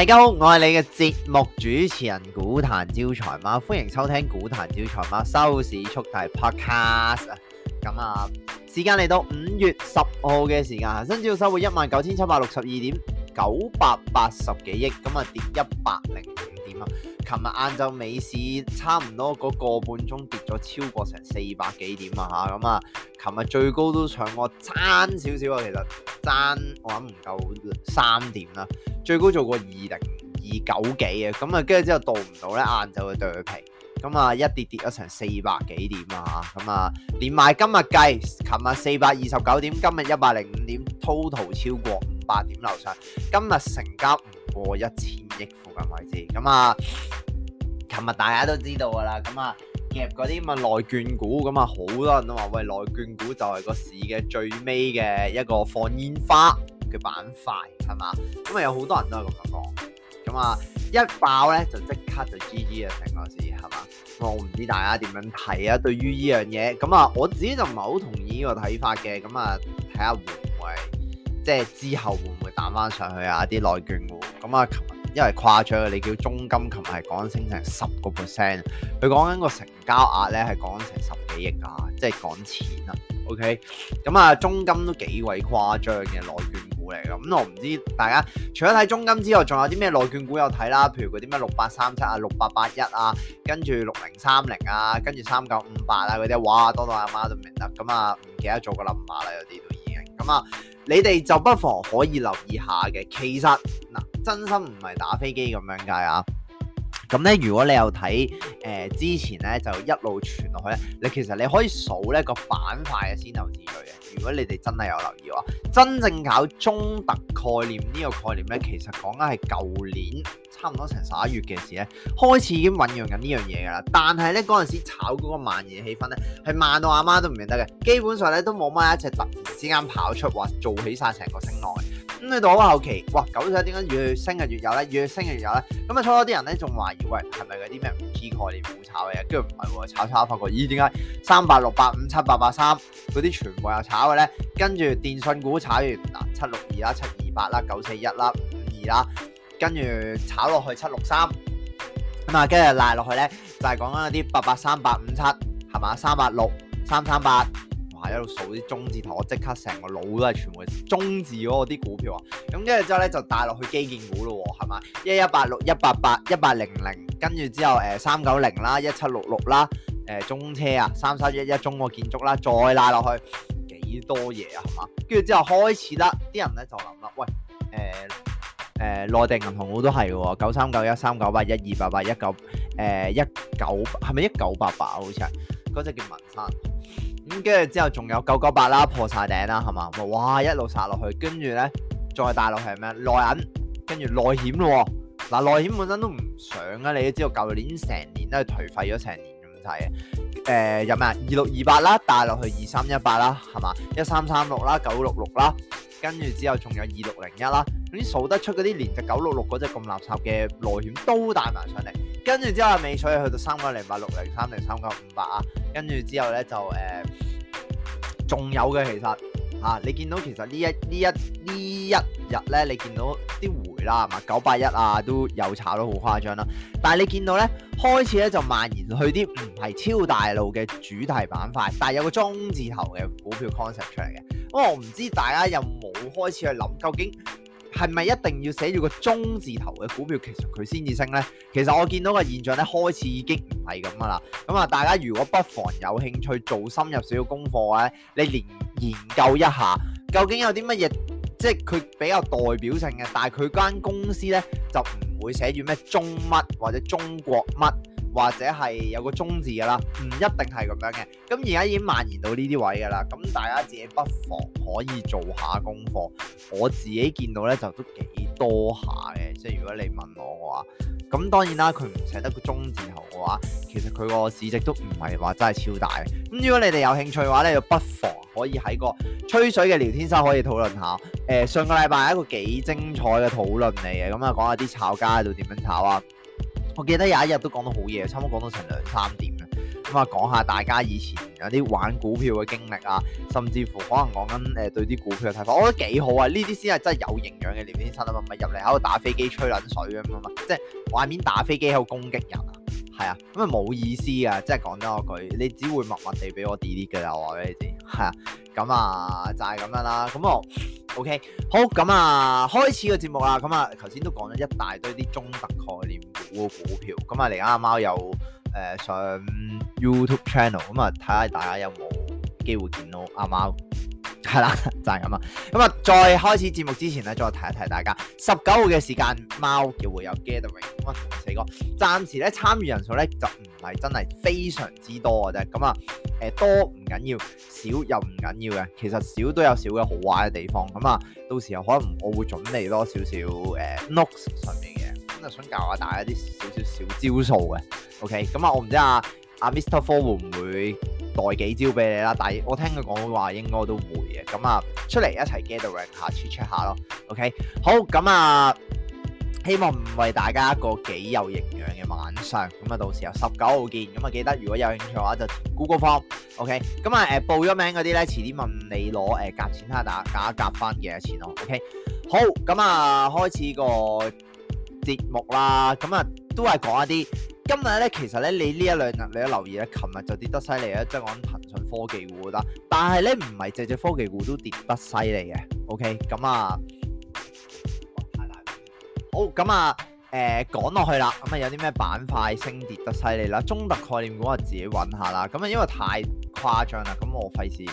大家好，我係你嘅節目主持人股壇招財貓，歡迎收聽股壇招財貓收市速遞 podcast。咁啊，時間嚟到五月十號嘅時間，恒生收匯一萬九千七百六十二點九八八十幾億，咁啊跌一百零。琴日晏晝美市差唔多嗰個半鐘跌咗超過成四百幾點啊吓，咁啊，琴、嗯、日最高都上過爭少少啊，其實爭我諗唔夠三點啦，最高做過二零二九幾啊，咁、嗯、啊，跟住之後到唔到咧，晏晝去對佢平，咁、嗯、啊，一跌跌咗成四百幾點啊，吓，咁啊，連埋今日計，琴日四百二十九點，今日一百零五點，total 超過五百點樓上，今日成交唔過一千。附近位置咁啊，琴日、嗯、大家都知道噶啦。咁、嗯、啊，夾嗰啲咁嘅內券股咁啊，好多人都話喂，內券股就係個市嘅最尾嘅一個放煙花嘅板塊係嘛？咁啊、嗯，有好多人都係咁樣講。咁、嗯、啊，一爆咧就即刻就 G G 啊，成個市係嘛？我唔知大家點樣睇啊。對於呢樣嘢咁啊，我自己就唔係好同意呢個睇法嘅。咁、嗯、啊，睇下會唔會即係之後會唔會彈翻上去啊？啲內券股咁啊，琴、嗯、日。嗯因為誇張你叫中金琴日係講升成十個 percent，佢講緊個成交額咧係講成十幾億啊，即係講錢啊。OK，咁啊，中金都幾鬼誇張嘅內券股嚟嘅。咁我唔知大家除咗睇中金之外，仲有啲咩內券股有睇啦？譬如嗰啲咩六八三七啊、六八八一啊、跟住六零三零啊、跟住三九五八啊嗰啲，哇，多到阿媽，媽都唔明得。咁啊，唔記得做個 note 啦，有啲都已經咁啊。你哋就不妨可以留意下嘅，其實真心唔係打飛機咁樣解啊。咁咧，如果你有睇誒、呃、之前咧，就一路傳落去咧，你其實你可以數咧個板塊嘅先頭之類嘅。如果你哋真係有留意嘅話，真正搞中特概，概念呢個概念咧，其實講緊係舊年差唔多成十一月嘅事咧，開始已經醖釀緊呢樣嘢噶啦。但係咧，嗰陣時炒嗰個慢熱氣氛咧，係慢到阿媽，媽都唔認得嘅，基本上咧都冇乜一隻突然之間跑出或做起晒成個升內。咁你到咗後期，哇！九七點解越升嘅越有咧？越升嘅越有咧？咁啊初初啲人咧仲懷疑，喂，係咪嗰啲咩唔知概念股炒嘅？跟住唔係喎，炒炒發覺，咦？點解三八六八五七八八三嗰啲全部有炒嘅咧？跟住電信股炒完嗱，七六二啦、七二八啦、九四一啦、五二啦，跟住炒落去七六三，咁、嗯、啊，跟住賴落去咧，就係、是、講緊嗰啲八八三八五七係嘛？三八六三三八。係一路數啲中字頭，我即刻成個腦都係全部中字嗰個啲股票啊！咁跟住之後咧就帶落去基建股咯，係咪？一一八六、一八八、一八零零，跟住之後誒三九零啦、一七六六啦、誒、呃、中車啊、三三一一中國建築啦，再拉落去幾多嘢啊？係嘛？跟住之後開始啦，啲人咧就諗啦，喂，誒、呃、誒、呃、內地銀行股都係嘅，九三九一、三九八、一二八八、一九誒一九係咪一九八八，好似係嗰隻叫民生。咁跟住之後仲有九九八啦，破晒頂啦、啊，係嘛？哇，一路殺落去，跟住咧再帶落去咩？內銀，跟住內險咯。嗱、啊，內險本身都唔想嘅、啊，你都知道舊年成年都係頹廢咗成年咁滯。誒，又、呃、咩？二六二八啦，帶落去二三一八啦，係嘛？一三三六啦，九六六啦，跟住之後仲有二六零一啦。啲數得出嗰啲連隻九六六嗰隻咁垃圾嘅內險都帶埋上嚟，跟住之後，尾水去到三九零八六零三零三九五八。啊。跟住之後咧就誒，仲、呃、有嘅其實啊，你見到其實呢一呢一呢一日咧，你見到啲回啦，係嘛？九八一啊，都有炒到好誇張啦。但係你見到咧，開始咧就蔓延去啲唔係超大路嘅主題板塊，但係有個中字頭嘅股票 concept 出嚟嘅。咁我唔知大家有冇開始去諗究竟？係咪一定要寫住個中字頭嘅股票，其實佢先至升呢。其實我見到嘅現象呢，開始已經唔係咁噶啦。咁大家如果不妨有興趣做深入少少功課咧，你研究一下，究竟有啲乜嘢，即係佢比較代表性嘅，但係佢間公司呢，就唔會寫住咩中乜或者中國乜。或者係有個中字嘅啦，唔一定係咁樣嘅。咁而家已經蔓延到呢啲位嘅啦。咁大家自己不妨可以做下功課。我自己見到咧就都幾多下嘅。即係如果你問我嘅話，咁當然啦，佢唔寫得個中字頭嘅話，其實佢個市值都唔係話真係超大嘅。咁如果你哋有興趣嘅話咧，就不妨可以喺個吹水嘅聊天室可以討論下。誒、呃，上個禮拜係一個幾精彩嘅討論嚟嘅。咁啊，講下啲炒家喺度點樣炒啊？我記得有一日都講到好夜，差唔多講到成兩三點嘅，咁啊講下大家以前有啲玩股票嘅經歷啊，甚至乎可能講緊誒對啲股票嘅睇法，我覺得幾好啊！呢啲先係真係有營養嘅聊天室啊嘛，唔係入嚟喺度打飛機吹冷水咁啊嘛，即係畫面打飛機喺度攻擊人啊，係啊，咁啊冇意思啊，即係講多句，你只會默默地俾我 delete 㗎啦，我話俾你知，係啊，咁啊就係咁樣啦，咁我。O、okay. K，好咁啊，開始個節目啦。咁啊，頭先都講咗一大堆啲中特概念股股票。咁啊，嚟緊阿貓又誒、呃、上 YouTube channel，咁啊，睇下大家有冇機會見到阿、啊、貓。係啦，就係咁啦。咁啊，再開始節目之前咧，再提一提大家，十九號嘅時間，貓叫會有 gathering 咁、嗯、啊，同四哥，暫時咧參與人數咧就唔係真係非常之多嘅啫。咁啊，誒、呃、多唔緊要，少又唔緊要嘅。其實少都有少嘅好玩嘅地方。咁啊，到時候可能我會準備多少少誒 notes 上面嘅，咁就想教下大家啲少少小招數嘅。OK，咁啊，我唔知啊。阿 Mr. Four 會唔會代幾招俾你啦？但係我聽佢講話應該都會嘅，咁啊出嚟一齊 gather 下 check 下咯。OK，好，咁啊，希望唔為大家一個幾有營養嘅晚上。咁啊，到時候十九號見。咁啊，記得如果有興趣嘅話就 Google Form，okay？OK，咁啊，誒報咗名嗰啲咧，遲啲問你攞誒、呃、夾錢睇下打夾夾翻幾多錢咯。OK，好，咁啊開始個節目啦。咁啊都係講一啲。今日咧，其實咧，你呢一兩日你都留意咧，琴日就跌得犀利啦，即係講騰訊科技股啦，但係咧唔係隻隻科技股都跌得犀利嘅。OK，咁啊，太大，好咁啊，誒、呃、講落去啦，咁啊有啲咩板塊升跌得犀利啦？中特概念股啊，自己揾下啦。咁啊，因為太誇張啦，咁我費事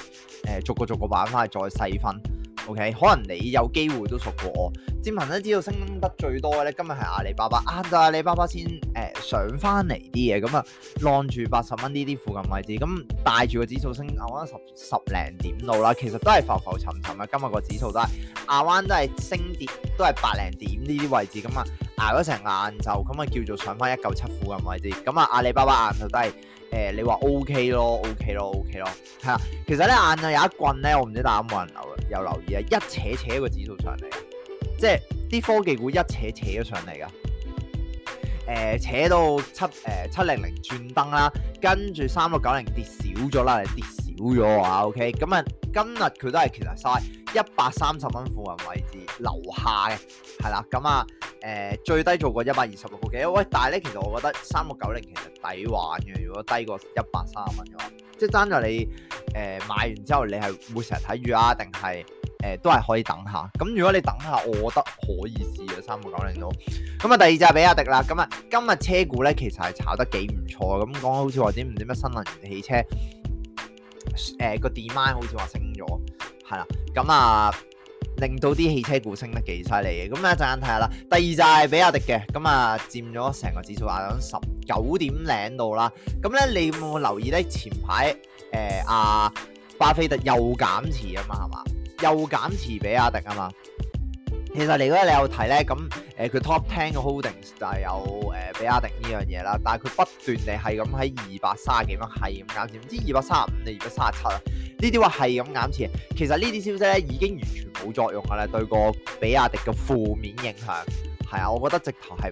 誒逐個逐個板塊再細分。O.K. 可能你有機會都熟過我。占文咧，知道升得最多嘅咧，今日係阿里巴巴。啱、啊、啱阿里巴巴先誒、呃、上翻嚟啲嘢。咁啊，晾住八十蚊呢啲附近位置，咁帶住個指數升啱啱、啊、十十零點度啦。其實都係浮浮沉沉嘅，今日個指數都係亞、啊、灣都係升跌，都係百零點呢啲位置咁啊。捱咗成晏晝咁啊，叫做上翻一嚿七附近位置。咁啊，阿里巴巴晏晝都係誒，你話 OK 咯，OK 咯，OK 咯，係、OK、啊、OK。其實咧晏晝有一棍咧，我唔知大家有冇人留有留意啊？一扯扯個指數上嚟，即係啲科技股一扯扯咗上嚟噶。誒、呃、扯到七誒七零零轉燈啦，跟住三六九零跌少咗啦，跌少咗啊。OK，咁啊今日佢都係其實係一百三十蚊附近位置留下嘅，係啦，咁啊。誒、呃，最低做過一百二十六個幾，喂，但係咧，其實我覺得三個九零其實抵玩嘅，如果低過一百三十蚊嘅話，即係爭在你誒、呃、買完之後，你係會成日睇住啊，定係誒都係可以等下。咁如果你等下，我覺得可以試嘅三個九零度。咁啊，第二就係比亞迪啦。咁啊，今日車股咧其實係炒得幾唔錯，咁講好似或者唔知咩新能源汽車，誒個 demand 好似話升咗，係啦，咁啊。令到啲汽車股升得幾犀利嘅，咁咧，一陣間睇下啦。第二就係比亞迪嘅，咁啊，佔咗成個指數有有、呃、啊，等十九點零度啦。咁咧，你有冇留意咧？前排誒阿巴菲特又減持啊嘛，係嘛？又減持比亞迪啊嘛。其實嚟講你有睇咧咁。誒佢、呃、top ten 嘅 holdings 就係有誒、呃、比亞迪呢樣嘢啦，但係佢不斷地係咁喺二百卅幾蚊係咁減，唔知二百卅五定二百卅七啊？呢啲話係咁減錢，其實呢啲消息咧已經完全冇作用㗎啦，對個比亞迪嘅負面影響係啊，我覺得直頭係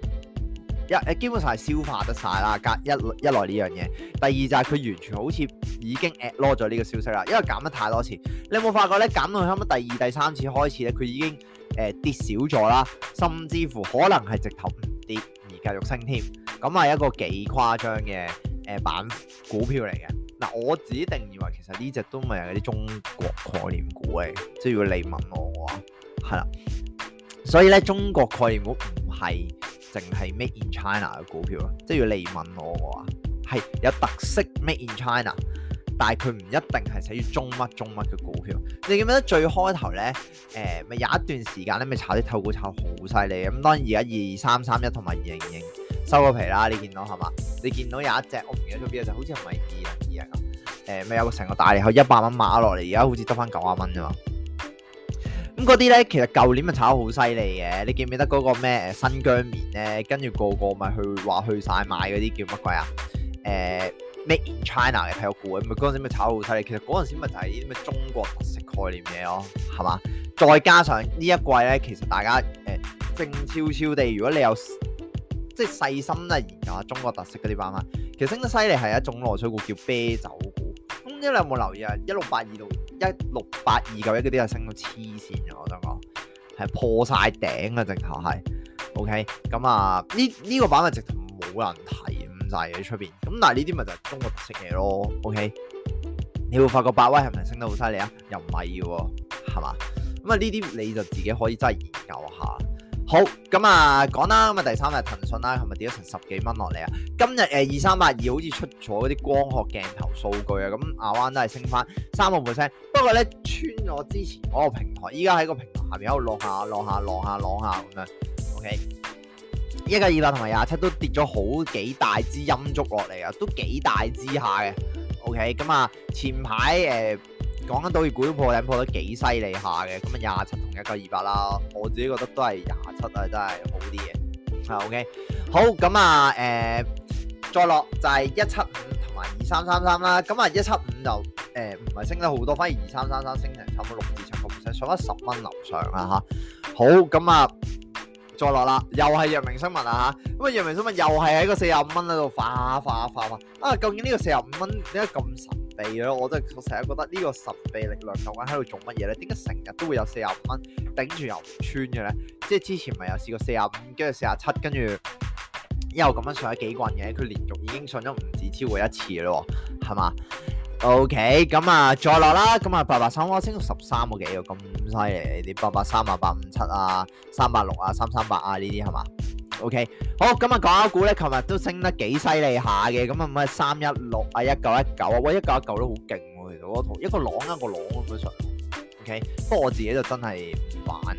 一基本上係消化得晒啦，隔一一來呢樣嘢。第二就係佢完全好似已經 at load 咗呢個消息啦，因為減得太多次，你有冇發覺咧減到差唔多第二第三次開始咧，佢已經。呃、跌少咗啦，甚至乎可能係直頭唔跌而繼續升添，咁係一個幾誇張嘅誒板股票嚟嘅。嗱、呃，我自己定義為其實呢隻都咪係啲中國概念股嚟，即係要利問我我係啦。所以咧，中國概念股唔係淨係 Made in China 嘅股票，即係要利問我我係有特色 Made in China。但係佢唔一定係寫住中乜中乜嘅股票，你記唔記得最開頭咧？誒、呃、咪有一段時間咧，咪炒啲透股炒好犀利嘅，咁當然而家二三三一同埋二零零收個皮啦。你見到係嘛？你見到有一隻，我唔記得咗邊一隻，好似唔係二零二啊咁。誒、呃、咪有個成個大利去一百蚊買落嚟，而家好似得翻九啊蚊啫嘛。咁嗰啲咧，其實舊年咪炒得好犀利嘅，你記唔記得嗰個咩誒新疆棉咧？跟住個個咪去話去晒買嗰啲叫乜鬼啊？誒、呃。m 咩 in China 嘅體育股，咪係嗰時咪炒得好犀利。其實嗰陣時咪就係啲咩中國特色概念嘢咯，係嘛？再加上呢一季咧，其實大家誒靜悄悄地，如果你有即係細心咧研究下中國特色嗰啲版嘛，其實升得犀利係一種內需股，叫啤酒股。咁、嗯、你有冇留意啊？一六八二到一六八二九一嗰啲啊，升到黐線啊！我想講係破晒頂啊、OK？啊！直頭係 OK。咁啊，呢呢個版咪直頭冇人睇。大嘅出邊，咁但呢啲咪就係中國特色嘢咯，OK？你會發覺百威係咪升得好犀利啊？又唔係嘅喎，係嘛？咁啊呢啲你就自己可以真係研究下。好，咁啊講啦，咁啊、嗯、第三日騰訊啦，係咪跌咗成十幾蚊落嚟啊？今日誒二三八二好似出咗嗰啲光學鏡頭數據啊，咁亞灣都係升返三個 percent，不過咧穿咗之前嗰個平台，依家喺個平台下面喺度落下落下落下落下咁樣，OK？一九二八同埋廿七都跌咗好幾大支陰燭落嚟啊，都幾大支下嘅。OK，咁啊，前排誒講緊到要股都破頂破得幾犀利下嘅，咁啊廿七同一九二八啦，我自己覺得都係廿七啊，真係好啲嘅。係 OK，好咁啊，誒、呃、再落就係一七五同埋二三三三啦。咁啊一七五就誒唔係升得好多，反而二三三三升成差唔多六七個巴仙，上咗十蚊樓上啦吓。好咁啊。再落啦，又係藥明新物啊吓，咁啊藥明生物又係喺個四廿五蚊喺度，化化化化啊！究竟呢個四廿五蚊點解咁神秘咯？我真係成日覺得呢個神秘力量究竟喺度做乜嘢咧？點解成日都會有四廿五蚊頂住又唔穿嘅咧？即係之前咪有試過四廿五，跟住四廿七，跟住又咁樣上咗幾人嘅，佢連續已經上咗唔止超過一次咯，係嘛？OK，咁啊再落啦，咁、嗯、啊八八三啊升到十三個幾啊，咁犀利啲八八三啊八五七啊三八六啊三三八啊呢啲係嘛？OK，好，今、嗯、啊，講下股咧，琴日都升得幾犀利下嘅，咁啊咩三一六啊一九一九啊，19 19, 喂一九一九都好勁喎，其實我一個浪一個浪咁樣上，OK，不過我自己就真係唔玩。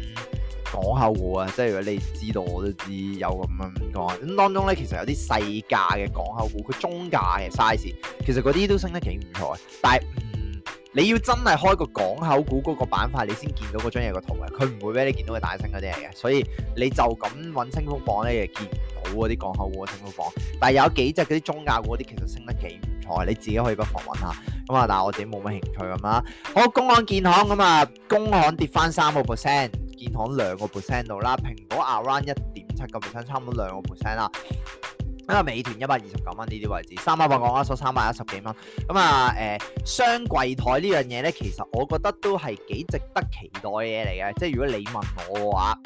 港口股啊，即係如果你知道我都知有咁樣講，咁當中咧其實有啲細價嘅港口股，佢中價嘅 size，其實嗰啲都升得幾唔錯。但係、嗯，你要真係開個港口股嗰個板塊，你先見到嗰張嘢個圖嘅，佢唔會俾你見到佢大升嗰啲嚟嘅。所以你就咁揾升幅榜咧，又見唔到嗰啲港口股嘅升幅榜。但係有幾隻嗰啲中價股嗰啲，其實升得幾唔錯，你自己可以不妨揾下。咁啊，但係我自己冇乜興趣。咁啊，好，工行建行咁啊，工行跌翻三個 percent。建行兩個 percent 度啦，蘋果 around 一點七個 percent，差唔多兩個 percent 啦。咁啊，美團一百二十九蚊呢啲位置，三百八講一數三百一十幾蚊。咁、呃、啊，誒雙櫃台呢樣嘢咧，其實我覺得都係幾值得期待嘅嘢嚟嘅，即係如果你問我嘅話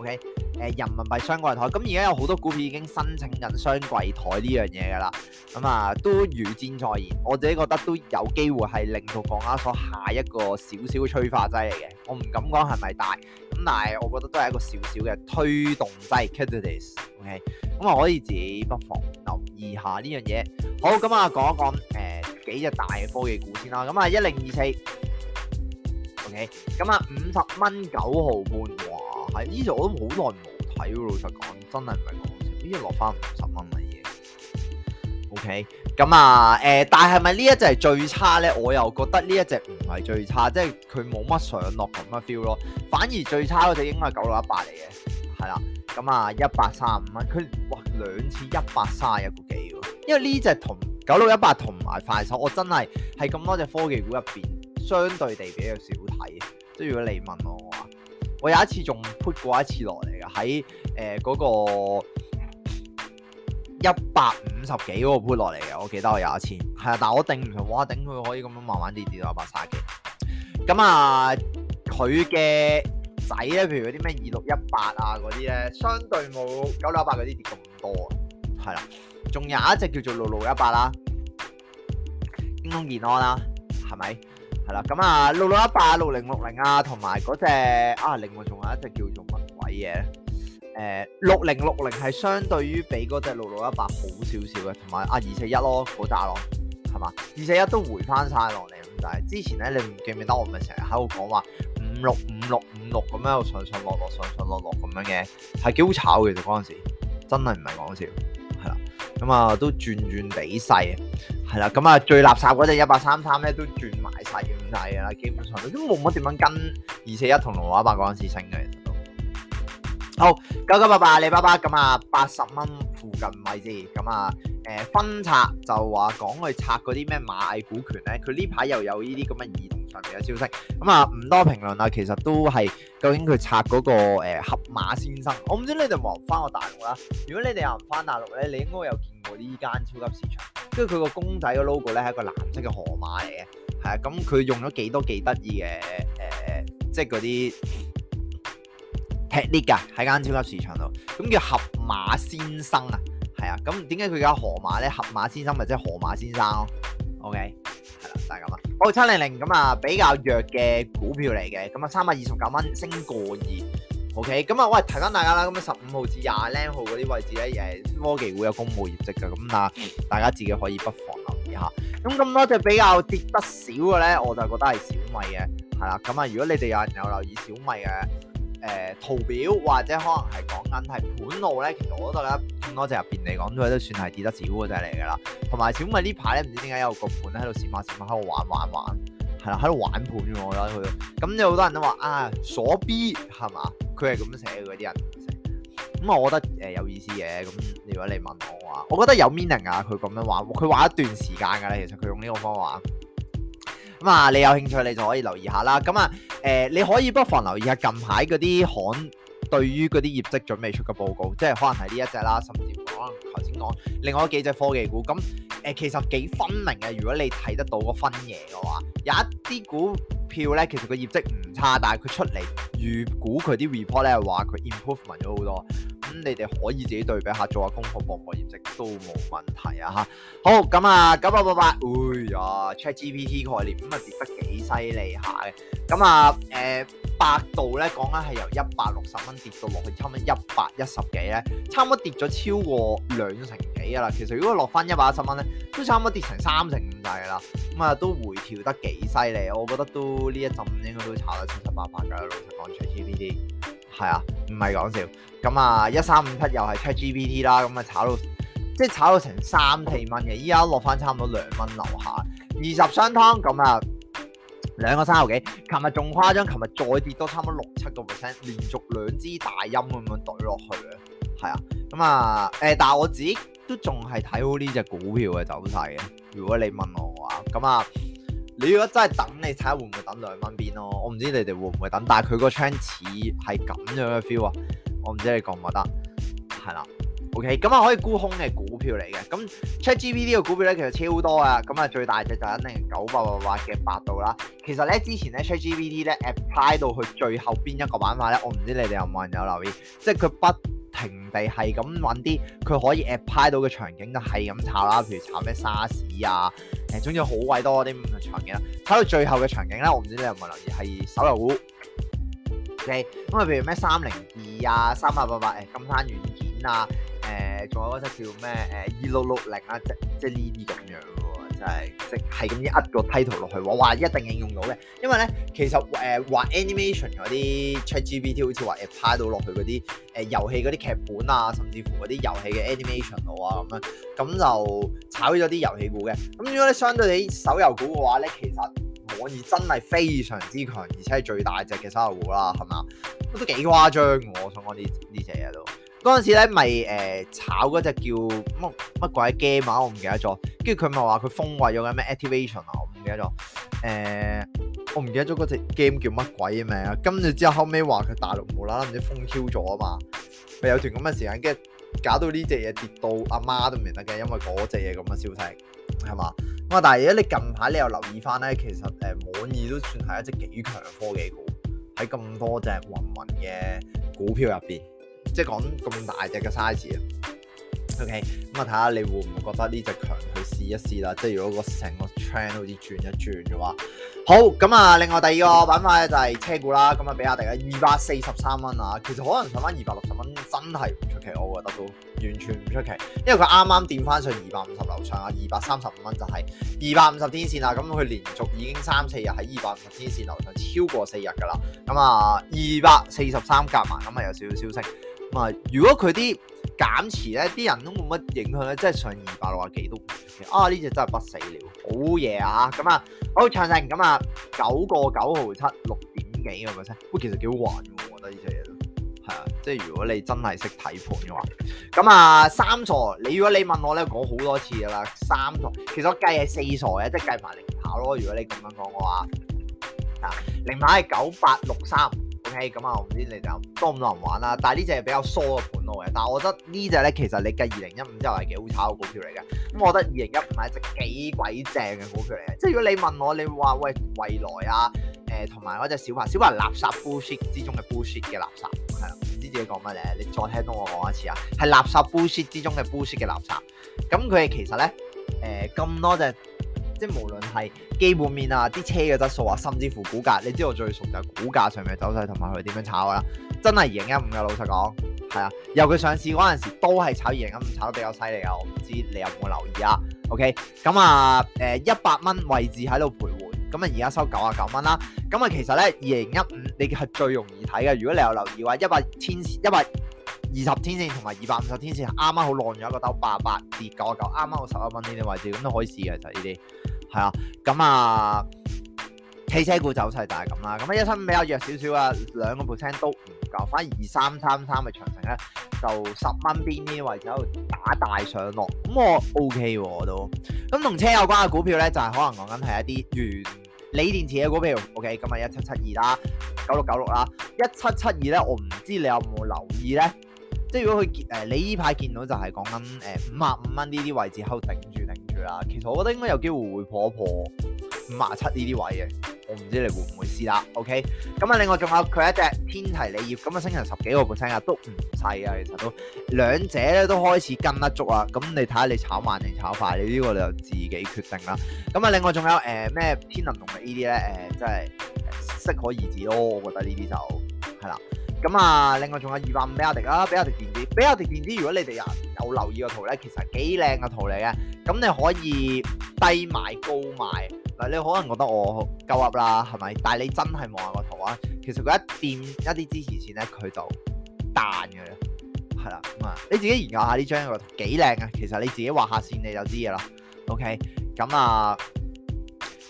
，OK。誒人民幣雙櫃台，咁而家有好多股票已經申請緊雙櫃台呢樣嘢㗎喇，咁啊都如箭在弦，我自己覺得都有機會係令到房價所下一個小小嘅催化劑嚟嘅，我唔敢講係咪大，咁但係我覺得都係一個小小嘅推動劑，candies，ok，、okay，咁、okay？啊可以自己不妨留意下呢樣嘢。好，咁啊講一講誒、呃、幾隻大科技股先啦，咁啊一零二四 OK 咁啊五十蚊九毫半。呢隻我都好耐冇睇喎，老實講，真係唔係講笑，呢隻落翻五十蚊嚟嘅。OK，咁啊，誒、呃，但係咪呢一隻係最差咧？我又覺得呢一隻唔係最差，即係佢冇乜上落咁嘅 feel 咯。反而最差嗰隻應該係九六一八嚟嘅，係啦。咁啊，一百三十五蚊，佢哇兩次一百三十一個幾喎。因為呢隻同九六一八同埋快手，我真係喺咁多隻科技股入邊，相對地比較少睇。即係如果你問我，我。我有一次仲 put 過一次落嚟嘅，喺誒嗰個一百五十幾嗰個 put 落嚟嘅，我記得我有一次，係啊，但係我頂唔順，哇，頂佢可以咁樣慢慢跌跌到一百三十幾。咁啊，佢嘅仔咧，譬如啲咩二六一八啊嗰啲咧，相對冇九六一八嗰啲跌咁多，係啦，仲有一隻叫做六六一八啦，京東健康啦，啊，係咪？係啦，咁啊，六六一八、六零六零啊，同埋嗰隻啊，另外仲有一隻叫做乜鬼嘢咧？誒，六零六零係相對於比嗰隻六六一八好少少嘅，同埋啊二四一咯，嗰扎咯，係嘛？二四一都回翻晒落嚟咁滯。但係之前咧，你唔記唔記得我咪成日喺度講話五六五六五六咁樣，上上落落上上落落咁樣嘅，係幾好炒嘅。其實嗰陣時真係唔係講笑。咁啊、嗯，都轉轉轉幾細啊，係啦。咁、嗯、啊，最垃圾嗰隻一八三三咧，都轉埋晒咁大滯啦，基本上都冇乜點樣跟二四一同龍華八嗰陣時升嘅。其實都好九九八八阿里巴巴，咁啊八十蚊附近位啫。咁、嗯、啊，誒、嗯嗯、分拆就話講佢拆嗰啲咩螞蟻股權咧，佢呢排又有呢啲咁嘅嘅消息咁啊，唔多評論啊。其實都係究竟佢拆嗰、嗰個誒盒、呃、馬先生，我唔知你哋望翻個大陸啦。如果你哋又唔翻大陸咧，你應該有見過呢間超級市場，跟住佢個公仔嘅 logo 咧係一個藍色嘅河馬嚟嘅，係啊。咁、嗯、佢用咗幾多幾得意嘅誒，即係嗰啲踢裂㗎喺間超級市場度。咁、嗯、叫盒馬先生啊，係啊。咁點解佢叫河馬咧？盒馬先生咪即係河馬先生咯。O K，係啦，就係咁啦。我七零零咁啊，比較弱嘅股票嚟嘅，咁啊三百二十九蚊升過二。O K，咁啊，喂，提翻大家啦，咁啊十五號至廿零號嗰啲位置咧，誒，科技會有公布業績噶，咁啊，uh, 大家自己可以不妨留意下。咁咁多隻比較跌得少嘅咧，我就覺得係小米嘅，係啦。咁啊，如果你哋有人有留意小米嘅。誒、呃、圖表或者可能係講緊係盤路咧，其實我覺得咧咁多隻入邊嚟講都都算係跌得少嗰隻嚟㗎啦。同埋小米呢排咧唔知點解有個盤喺度閃下閃下喺度玩玩玩，係啦，喺度玩盤㗎喎。我覺得佢咁有好多人都話啊，鎖 B 係嘛？佢係咁樣寫嘅嗰啲人。咁我覺得誒、呃、有意思嘅。咁如果你問我嘅話，我覺得有 meaning 啊。佢咁樣玩，佢玩一段時間㗎啦。其實佢用呢個方法。咁啊，你有興趣你就可以留意下啦。咁啊，誒、呃，你可以不妨留意下近排嗰啲行對於嗰啲業績準備出嘅報告，即係可能係呢一隻啦，甚至乎可能頭先講另外幾隻科技股。咁誒、呃，其實幾分明嘅。如果你睇得到個分嘢嘅話，有一啲股票咧，其實個業績唔差，但係佢出嚟預估佢啲 report 咧，話佢 improvement 咗好多。咁你哋可以自己對比下，做下功課博個業績都冇問題啊！哈，好，咁啊，九百八八，哎呀，ChatGPT 概念，咁啊，跌得幾犀利下嘅。咁啊，誒、呃，百度，咧講緊係由一百六十蚊跌到落去差唔多一百一十幾咧，差唔多跌咗超過兩成幾啊啦。其實如果落翻一百一十蚊咧，都差唔多跌成三成咁大啦。咁啊，都回調得幾犀利，我覺得都呢一陣應該都炒得七七八八噶。老實講，ChatGPT。係啊，唔係講笑。咁啊，一三五七又係 ChatGPT 啦，咁啊炒到，即係炒到成三四蚊嘅，依家落翻差唔多兩蚊樓下。二十箱湯，咁啊兩個三毫幾。琴日仲誇張，琴日再跌多差唔多六七個 percent，連續兩支大陰咁樣懟落去啊，係啊，咁啊，誒、呃，但係我自己都仲係睇好呢隻股票嘅走勢嘅。如果你問我嘅話，咁啊。你如果真係等你，你睇下會唔會等兩蚊邊咯？我唔知你哋會唔會等，但係佢個窗似係咁樣嘅 feel 啊！我唔知你覺唔覺得，係啦。OK，咁啊可以沽空嘅股票嚟嘅。咁 ChatGPT 嘅股票咧，其實超多啊。咁啊最大隻就肯定係九百八八嘅百度啦。其實咧之前咧 ChatGPT 咧 apply 到去最後邊一個板塊咧，我唔知你哋有冇人有留意，即係佢不。平地係咁揾啲佢可以 apply 到嘅場景就係咁炒啦，譬如炒咩沙士啊，誒、呃、總之好鬼多啲咁嘅場景啦。睇到最後嘅場景咧，我唔知你有冇留意，係手遊股。O K，咁啊，譬如咩三零二啊，三八八八誒金山軟件啊，誒、呃、仲有嗰隻叫咩誒二六六零啊，即即係呢啲咁樣。就係識係咁樣噏個 title 落去，我話一定應用到嘅。因為咧，其實誒、呃、畫 animation 嗰啲 ChatGPT 好似話 apply 到落去嗰啲誒遊戲嗰啲劇本啊，甚至乎嗰啲遊戲嘅 animation 度啊咁樣，咁就炒咗啲遊戲股嘅。咁如果你相對你手遊股嘅話咧，其實網易真係非常之強，而且係最大隻嘅手遊股啦，係嘛？都幾誇張，我想講呢呢隻嘢都。嗰陣時咧，咪、嗯、誒炒嗰隻叫乜乜鬼 game 啊？我唔記得咗。跟住佢咪話佢封圍咗嘅咩 Activision 啊？我唔記得咗。誒、嗯，我唔記得咗嗰隻 game 叫乜鬼名。跟住之後後尾話佢大陸無啦啦唔知封超咗啊嘛。咪有段咁嘅時間，跟住搞到呢隻嘢跌到阿媽都唔認得嘅，因為嗰隻嘢咁嘅消息係嘛？咁啊，但係而家你近排你又留意翻咧，其實誒網易都算係一隻幾強科技股喺咁多隻雲雲嘅股票入邊。即係講咁大隻嘅 size 啊，OK，咁我睇下你會唔會覺得呢隻強去試一試啦？即係如果個成個 trend 好似轉一轉嘅話，好咁啊！另外第二個板塊咧就係車股啦。咁啊，比亞迪啊，二百四十三蚊啊，其實可能上翻二百六十蚊真係唔出奇，我覺得都完全唔出奇，因為佢啱啱掂翻上二百五十樓上啊，二百三十五蚊就係二百五十天線啦。咁佢連續已經三四日喺二百五十天線樓上超過四日㗎啦。咁啊，二百四十三夾埋咁啊，有少少消息。如果佢啲減持咧，啲人都冇乜影響咧，即係上二百六啊幾都唔出奇啊！呢隻真係不死鳥，啊，好嘢啊！咁啊，好長城，咁啊九個九毫七六點幾咁咪先，喂，其實幾好玩嘅喎，我覺得呢隻嘢咯，係啊，即係如果你真係識睇盤嘅話，咁啊三傻，你如果你問我咧，講好多次啦，三傻，其實我計係四傻嘅，即係計埋零跑咯。如果你咁樣講嘅話，啊零跑係九八六三。咁啊，唔、hey, 知你就多唔多人玩啦。但係呢隻係比較疏嘅盤路嘅。但係我覺得隻呢隻咧，其實你計二零一五之後係幾好炒嘅股票嚟嘅。咁我覺得二零一五係隻幾鬼正嘅股票嚟嘅。即係如果你問我，你話喂蔚來啊，誒同埋嗰隻小鵬小鵬垃圾 bullshit 之中嘅 bullshit 嘅垃圾，係啦，唔知自己講乜咧。你再聽多我講一次啊，係垃圾 bullshit 之中嘅 bullshit 嘅垃圾。咁佢哋其實咧，誒、呃、咁多隻。即係無論係基本面啊、啲車嘅質素啊，甚至乎股價，你知道我最熟就係股價上面嘅走勢同埋佢點樣炒啦，真係二零一五嘅老實講，係啊，由佢上市嗰陣時都係炒二零一五，炒得比較犀利啊！我唔知你有冇留意啊？OK，咁啊，誒一百蚊位置喺度徘徊，咁啊而家收九啊九蚊啦，咁啊其實咧二零一五你係最容易睇嘅，如果你有留意話，一百天一百二十天線同埋二百五十天線啱啱好浪咗一個兜八啊八至九啊九，啱啱好十一蚊呢啲位置，咁都可以試嘅，就呢啲。係啊，咁啊，汽車股走勢就係咁啦。咁啊，一七五比較弱少少啊，兩個 percent 都唔夠，反而二三三三嘅長城咧，就十蚊邊啲位置喺度打大上落，咁我 OK 喎都。咁同車有關嘅股票咧，就係、是、可能講緊係一啲鋰、鋰電池嘅股票。OK，今日一七七二啦，九六九六啦，一七七二咧，我唔知你有冇留意咧。即係如果佢見、呃、你依排見到就係講緊誒五啊五蚊呢啲位置喺度頂住咧。其實我覺得應該有機會會破一破五廿七呢啲位嘅，我唔知你會唔會試啦。OK，咁啊，另外仲有佢一隻天齊鋰業，咁啊升成十幾個 percent 啊，都唔細啊，其實都兩者咧都開始跟得足啦。咁你睇下你炒慢定炒快，你呢個你就自己決定啦。咁啊，另外仲有誒咩、呃、天能同埋呢啲咧誒，即係適可而止咯。我覺得呢啲就係啦。咁啊，另外仲有二萬五比亞迪啊，比亞迪電子。比亞迪電子，如果你哋有有留意個圖咧，其實幾靚個圖嚟嘅。咁你可以低買高賣。嗱，你可能覺得我鳩噏啦，係咪？但係你真係望下個圖啊，其實佢一掂一啲支持綫咧，佢就彈嘅啦。係啦，咁啊，你自己研究下呢張個圖，幾靚啊！其實你自己畫下綫你就知嘅啦。OK，咁啊。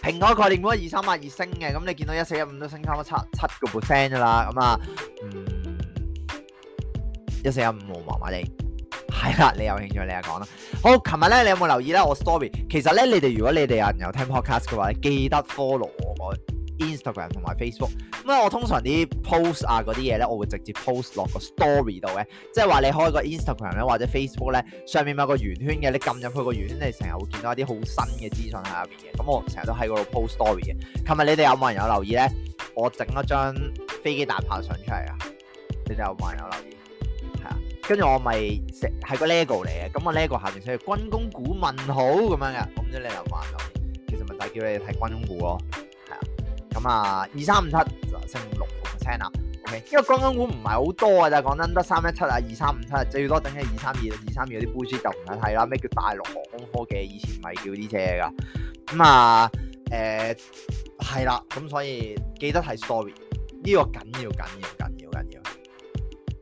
平台概念嗰二三八二升嘅，咁你見到一四一五都升差唔多七七個 percent 嘅啦，咁啊，嗯，一四一五冇麻麻地，係 啦、嗯，你有興趣你又講啦。好，琴日咧你有冇留意咧我 story？其實咧你哋如果你哋有人有聽 podcast 嘅話，你記得 follow 我。Instagram 同埋 Facebook，咁啊，我通常啲 post 啊嗰啲嘢咧，我會直接 post 落個 story 度嘅，即係話你開個 Instagram 咧或者 Facebook 咧，上面有個圓圈嘅，你撳入去個圓圈，你成日會見到一啲好新嘅資訊喺入邊嘅。咁我成日都喺嗰度 post story 嘅。琴日你哋有冇人有留意咧？我整一張飛機大炮相出嚟啊！你哋有冇人有留意？係啊，跟住我咪食係個 lego 嚟嘅，咁個 lego 下面寫軍工股問號咁樣嘅，咁即你係你留意。其實咪就叫你睇軍工股咯。咁啊，二三五七升六 percent 啦，OK，因為軍工股唔係好多噶咋，講真得三一七啊，二三五七最多等嘅二三二、二三二啲 bullshit 就唔使睇啦。咩叫大陸航空科技？以前咪叫啲車噶，咁啊，誒、欸，係啦，咁所以記得睇 story，呢個緊要、緊要、緊要、緊要，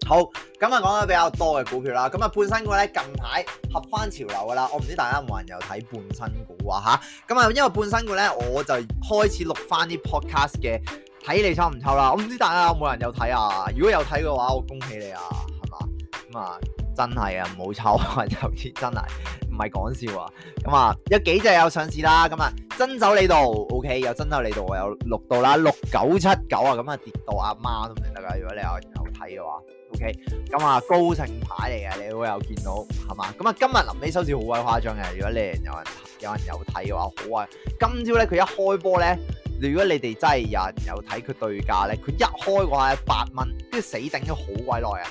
好。咁啊，講咗比較多嘅股票啦，咁啊，半新股咧近排合翻潮流噶啦，我唔知大家有冇人有睇半新股啊嚇，咁啊，因為半新股咧，我就開始錄翻啲 podcast 嘅睇你抽唔抽啦，我唔知大家有冇人有睇啊，如果有睇嘅話，我恭喜你啊，係嘛，咁啊，真係啊，唔好抽啊，有 啲真係唔係講笑啊，咁啊，有幾隻有上市啦，咁啊，真走你度，ok，有真走你度，我又錄到啦，六九七九啊，咁啊，跌到阿、啊、媽都唔認得㗎，如果你有睇嘅話。O K，咁啊高盛牌嚟嘅，你會有見到係嘛？咁啊今日臨尾收市好鬼誇張嘅，如果你有人有人有睇嘅話，好啊！今朝咧佢一開波咧，如果你哋真係有人有睇佢對價咧，佢一開嘅話係八蚊，跟住死頂咗好鬼耐啊！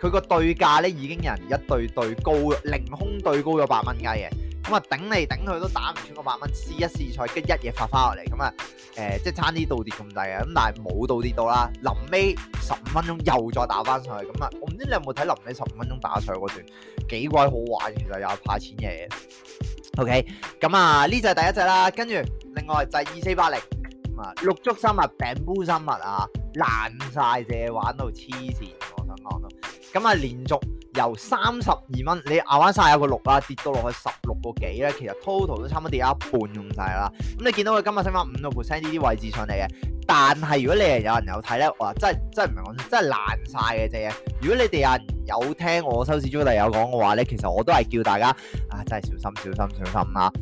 佢個對價咧已經有人一對對高，凌空對高咗八蚊雞嘅。咁啊，頂嚟頂去都打唔穿個百蚊，試一試賽，即一嘢發翻落嚟，咁、嗯、啊，誒、呃，即係差啲倒跌咁滯啊。咁但係冇倒跌到啦。臨尾十五分鐘又再打翻上去，咁、嗯、啊，我唔知你有冇睇臨尾十五分鐘打上嗰段幾鬼好玩，其實又派錢嘅嘢。OK，咁、嗯、啊，呢隻係第一隻啦，跟住另外就係二四八零，咁啊，綠竹生物、餅鋪生物啊，爛晒啫，隻玩到黐線，我想講、嗯咁啊、嗯，連續由三十二蚊，你壓翻晒有個六啦，跌到落去十六個幾咧，其實 total 都差唔多跌一半咁滯啦。咁、嗯、你見到佢今日升翻五個 percent 呢啲位置上嚟嘅，但係如果你係有人有睇咧，我真係真係唔係講真係爛晒嘅啫。如果你哋有人有，是是有聽我收市速遞有講嘅話咧，其實我都係叫大家啊，真係小心小心小心啦、啊。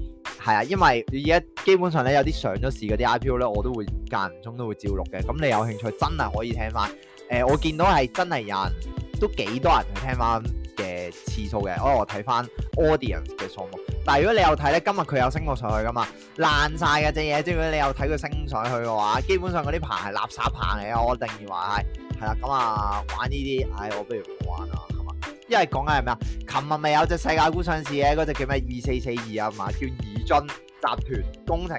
係啊，因為而家基本上咧有啲上咗市嗰啲 IPO 咧，我都會間唔中都會照錄嘅。咁、嗯、你有興趣真係可以聽翻。誒、呃，我見到係真係有人。都幾多人聽翻嘅次數嘅，我睇翻 audience 嘅數目。但係如果你有睇咧，今日佢有升過上去噶嘛？爛晒嘅隻嘢，即如果你有睇佢升上去嘅話，基本上嗰啲棚係垃圾棚嚟，我定義話係。係啦，咁、嗯、啊玩呢啲，唉、哎，我不如唔玩啦，係嘛？因為講緊係咩啊？琴日咪有隻世界股上市嘅，嗰隻叫咩？二四四二啊嘛，叫怡樽集團工程。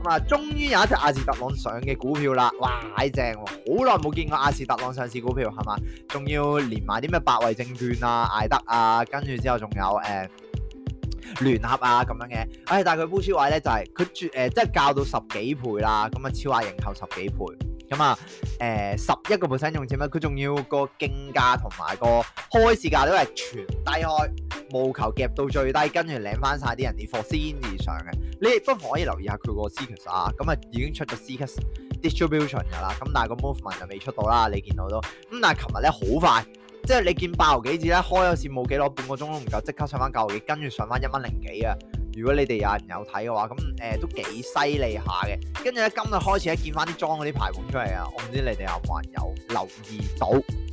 咁啊，終於有一隻阿士特朗上嘅股票啦，哇，太正喎！好耐冇見過阿士特朗上市股票，係嘛？仲要連埋啲咩百惠證券啊、艾德啊，跟住之後仲有誒、呃、聯合啊咁樣嘅，哎，但係佢部署位咧就係佢絕誒，即係教到十幾倍啦，咁、嗯、啊超額認購十幾倍。咁啊，誒十一個 percent 用錢啊，佢仲要個競價同埋個開市價都係全低開，務求夾到最低，跟住領翻晒啲人啲貨先至上嘅。你亦不妨可以留意下佢個 CCASS 啊，咁啊已經出咗 CCASS distribution 噶啦，咁但係個 movement 就未出到啦。你見到都咁、嗯，但係琴日咧好快，即係你見八毫幾字咧開咗線冇幾耐，半個鐘都唔夠，即刻上翻九毫幾，跟住上翻一蚊零幾啊！如果你哋有人有睇嘅話，咁誒、呃、都幾犀利下嘅。跟住咧，今日開始咧見翻啲莊嗰啲排盤出嚟啊！我唔知你哋有冇人有留意到，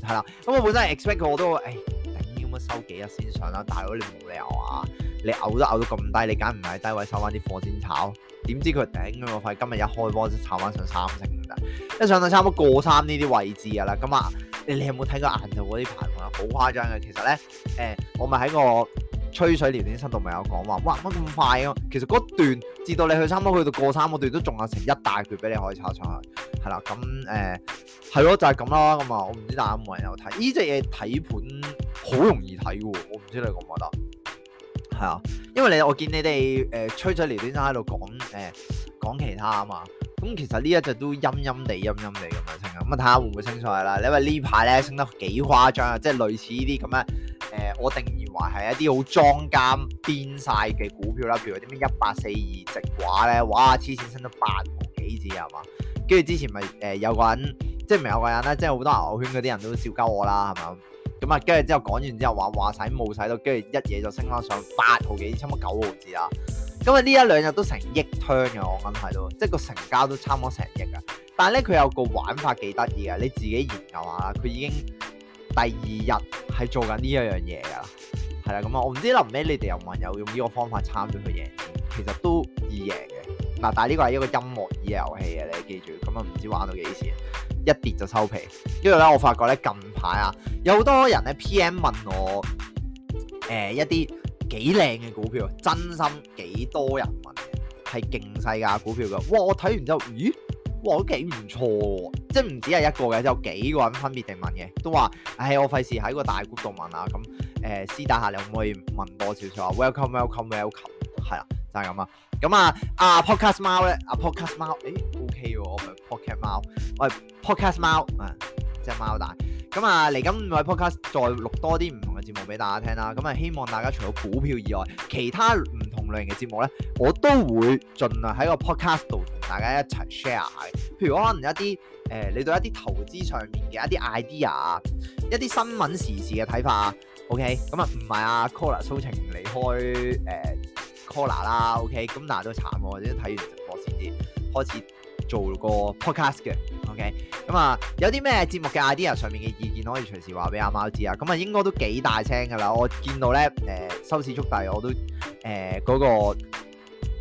係啦。咁我本身 expect 過我都誒頂要乜收幾日先上啦，大佬你冇理由啊！你嘔都嘔到咁低，你揀唔係低位收翻啲貨先炒？點知佢頂嘅塊今日一開波就炒翻上三成，一上到差唔多過三呢啲位置噶啦。咁啊，你你有冇睇過銀就嗰啲排盤啊？好誇張嘅。其實咧，誒、呃、我咪喺個。吹水聊天室度咪有講話，哇乜咁快啊！其實嗰段至到你去差唔多去到過三個段都仲有成一大段俾你可以抄出去，係啦。咁誒係咯，就係咁啦。咁啊、這個，我唔知，大家有冇人有睇呢隻嘢睇盤好容易睇嘅，我唔知你覺唔覺得？係啊，因為你我見你哋誒、呃、吹水聊天室喺度講誒講其他啊嘛。咁其實呢一隻都陰陰地陰陰地咁樣升。咁啊，睇下會唔會升上去啦？因為呢排咧升得幾誇張啊！即係類似呢啲咁樣誒，我定義話係一啲好莊監癲晒嘅股票啦，譬如啲咩一八四二直掛咧，哇黐線升到八毫幾字係嘛？跟住之前咪誒、呃、有個人，即係咪有個人咧，即係好多牛圈嗰啲人都笑鳩我啦係嘛？咁啊跟住之後講完之後話話使冇使到，跟住一嘢就升翻上八毫幾，差唔多九毫子啦，咁啊呢一兩日都成億 t 嘅，我諗係都，即係個成交都差唔多成億噶，但係咧，佢有個玩法幾得意噶，你自己研究下佢已經第二日係做緊呢一樣嘢噶啦。係啦，咁啊，我唔知臨尾你哋有冇人有用呢個方法參與佢贏，其實都易贏嘅。嗱，但係呢個係一個音樂椅嘅遊戲嘅，你記住，咁啊唔知玩到幾時，一跌就收皮。因為咧，我發覺咧近排啊，有好多人咧 PM 問我，誒、呃、一啲幾靚嘅股票，真心幾多人問，係勁細價股票噶。哇，我睇完之後，咦？哇，都幾唔錯喎！即係唔止係一個嘅，有幾個人分別定問嘅，都話，唉、哎，我費事喺個大 group 度問啊，咁誒、呃，私底下你可唔可以問多少少啊！Welcome，welcome，welcome，係 welcome, 啦 welcome，就係咁啦。咁啊，啊 Podcast 貓咧，啊 Podcast 貓？誒，OK 喎，我唔係 Podcast 貓。我係 Podcast 貓。啊。隻貓大咁啊！嚟緊五位 podcast 再錄多啲唔同嘅節目俾大家聽啦！咁啊，希望大家除咗股票以外，其他唔同類型嘅節目咧，我都會盡量喺個 podcast 度同大家一齊 share 嘅。譬如可能一啲誒、呃，你對一啲投資上面嘅一啲 idea 啊，一啲新聞時事嘅睇法啊，OK。咁啊，唔係啊，Collar 蘇晴離開 Collar 啦，OK。咁但係都慘喎，或者睇完直播先至開始做個 podcast 嘅。OK，咁啊，有啲咩節目嘅 idea 上面嘅意見可以隨時話俾阿貓知啊。咁啊，應該都幾大聲噶啦。我見到咧，誒、呃、收市速遞我都誒、呃嗰個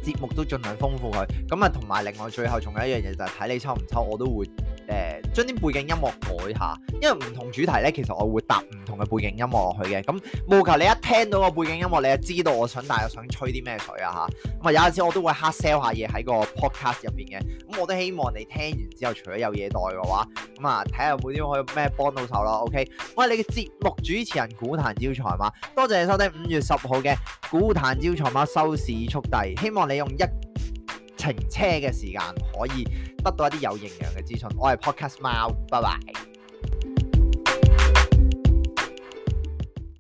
節目都盡量豐富佢。咁啊，同埋另外最後仲有一樣嘢就係、是、睇你抽唔抽，我都會。誒、呃、將啲背景音樂改下，因為唔同主題咧，其實我會搭唔同嘅背景音樂落去嘅。咁務求你一聽到個背景音樂，你就知道我想，大約想吹啲咩水啊吓，咁啊，嗯、有陣時我都會黑 sell 下嘢喺個 podcast 入邊嘅。咁、嗯、我都希望你聽完之後，除咗有嘢袋嘅話，咁啊睇下會點可以咩幫到手咯。OK，我係你嘅節目主持人股壇招財貓，多謝你收聽五月十號嘅股壇招財貓收市速遞，希望你用一。停車嘅時間可以得到一啲有營養嘅資訊。我係 Podcast 貓，拜拜。